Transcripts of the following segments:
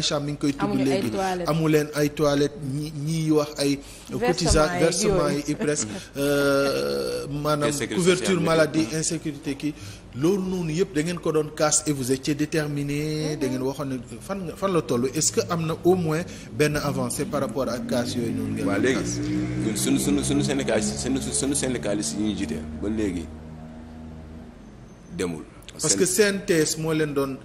Aïcha mi ngi koy tudd léegi amu leen ay toilettes ñi ñiy wax ay cotisation versement yi IPRES euh, maanaam couverture maladie insécurité kii loolu noonu yëpp da ngeen ko doon casse et vous étiez déterminé da ngeen waxoon ne fan fan la toll est-ce que am na au moins benn avancé par rapport ak casse yooyu noonu ngeen waaw léegi suñu suñu suñu syndicaliste suñu suñu syndicaliste yi ñuy jiite ba léegi demul parce que CNTS moo leen doon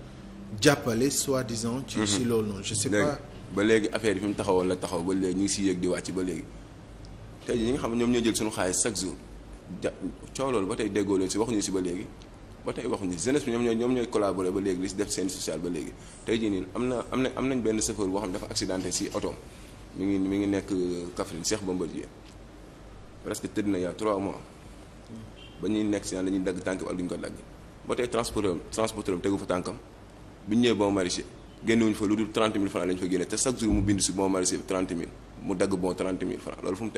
jàppale soi-disant. ci si mhm. loolu noonu je ba léegi affaire bi mu taxawoon la taxaw ba léegi ñu ngi siy yëg di wàcc ba léegi tey jii ñi nga xam ne ñoom ñoo jël suñu xaalis chaque jour ja coow loolu ba tey déggoo leen si waxuñu si ba léegi ba tey waxuñu si jeunesse bi ñoom ñooy ñoom ñooy collaborer ba léegi di si def seen social ba léegi tey jii nii am na am na am nañ benn chauffeur boo xam ne dafa accidenté si otoom mu ngi mi ngi nekk euh, Kaffrine Cheikh Bombardier presque tëdd na yaa trois mois ba ñuy nekk si naan la ñuy dagg tànk duñ ko dagg ba tey transporteur transporteur tegu fa tànkam bu ñu ñëwee bon maraîcher génnewuñu fa lu dul 30 000 francs la ñu fa génne te chaque jour mu bind si bon maraîcher bi 30 000 mu dagg bon 30 000 francs loolu fu mu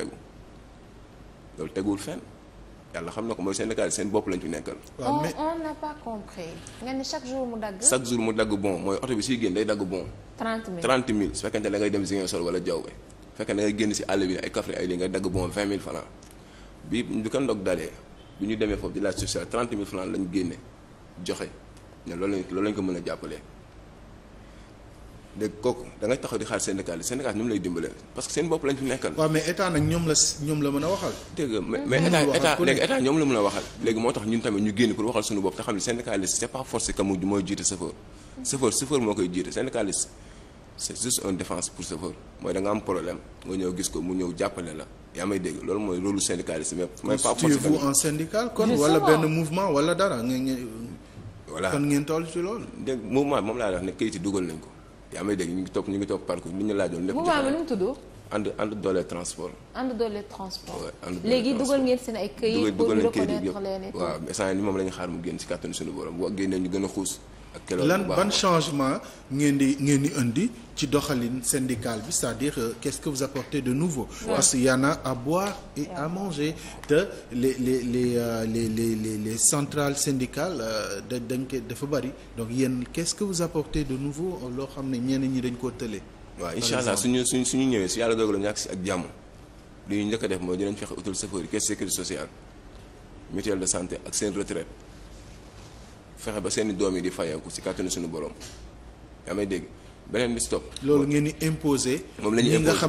xam na ko mooy syndicat seen bopp lañ fi nekkal. waaw mais on n'a pas compris. mu dagg. bon mooy oto bi siy génn day dagg bon. 30 000 30 000 su fekkente da ngay dem Ziguinchor wala Diaobé su fekkee da ngay génn si àll bi ay Kaffrine ay lii nga dagg bon 20 000 francs bi du kan doog dalee bi ñu demee foofu di laaj social 30 000 francs lañ génne joxe. ne loolu lañ loolu lañ ko mën a jàppalee dégg kooku da taxaw di xaar syndicat yi syndicat ñoom lay dimbale parce que seen bopp lañ fi nekkal. waaw mais état nag ñoom la ñoom la mën a waxal. dégg mais mais état léegi état ñoom la mën a waxal. léegi moo tax ñun tamit ñu génn pour waxal suñu bopp te xam ne syndicaliste c'est pas forcé que mu mooy jiite chauffeur. chauffeur moo koy jiite syndicaliste c'est juste une défense pour chauffeur mooy da am problème nga ñëw gis voilà kon ngeen toll ci loolu. dégg mouvement moom laa wax ne kayit yi dugal nañ ko yaa may dégg ñu ngi topp ñu ngi topp parcours li ñu laajoon. lépp jox ko mu tudd. ànd ànd doole transport. ànd doole transport. léegi dugal ngeen seen ay kayit. pour reconnaître leen waaw saa ni moom la xaar mu génn ci kàttanu suñu borom boo génnee ñu gën a xuus lan ban changement ngeen di ngeen di indi ci doxalin syndical bi c'est-à-dire euh, quest que vous de nouveau parce qu'il y à boire et ouais. à les les les euh, les les les les centrales syndicales euh, da dañ ko dafa bari donc yéen qu'est-ce que vous apportez de nouveau loo xam ne ñeneen ñi dañ koo tëlee waa incha allah suñu suñ suñu ñëwee su yàlla dogalam ñu agsi ak jàmm li ñu njëkk a def mooy dinañ fexe utal chauffeur yi caisse sécurité sociale mutuelle de santé ak seen retraite fexe ba seeni doom yi di fayeeku si kàttanu suñu borom yaa may dégg beneen bi si loolu ngeen di imposer. moom la ñuy imposer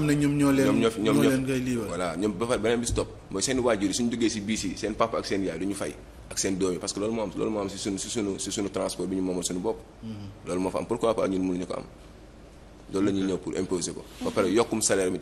ñoom ba pare beneen bi si mooy seen waajur yi suñu duggee si biis yi seen papa ak seen yaay du fay ak seen doom yi parce que loolu moo am loolu moo am si suñu si suñu si suñu transport bi ñu moomal suñu bopp. Mm-hmm. loolu moo fa am pourquoi pas ñun mënuñu ko am loolu la ñëw pour imposer ko. ba pare yokkum salaire bi